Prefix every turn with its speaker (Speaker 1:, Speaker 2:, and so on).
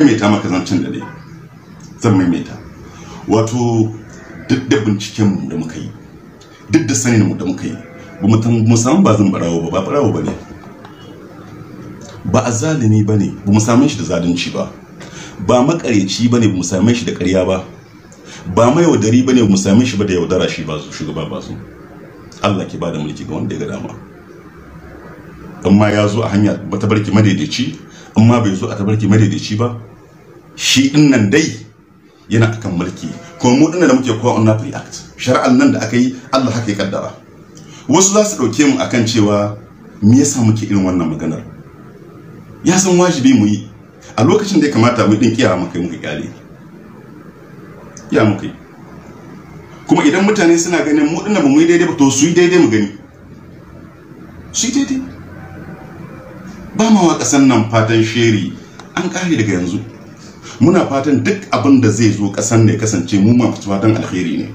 Speaker 1: maimaita maka zancen da ne zan maimaita wato duk da binciken mu da muka yi duk da sanin mu da muka yi ba mutum musamman ba zan barawo ba ba barawo ba ne ba a zalimi ba ne ba musamman shi da zalunci ba ba makareci ba ne ba musamman shi da ƙarya ba ba mai yaudari ba ne ba musamman shi ba da yaudara shi ba su shugaba ba su Allah ke ba da mulki ga wanda ya ga dama amma ya zo a hanya ba ta barki madaidaici amma bai so a tabarki madaidaici ba shi din nan dai yana akan mulki kuma mu dinnan da muke kowa on nafi act shari'ar nan da aka yi Allah haka ya kaddara wasu za su dauke mu akan cewa me yasa muke irin wannan maganar ya san wajibi mu yi a lokacin da ya kamata mu din kiyawa muka yi muka kyale ya muka kuma idan mutane suna ganin mu dinnan ba mu yi daidai ba to su yi daidai mu gani su yi daidai ba ma wa ƙasan nan fatan sheri an ƙare daga yanzu muna fatan duk abin da zai zo ƙasan ne kasance mu masu fatan alheri ne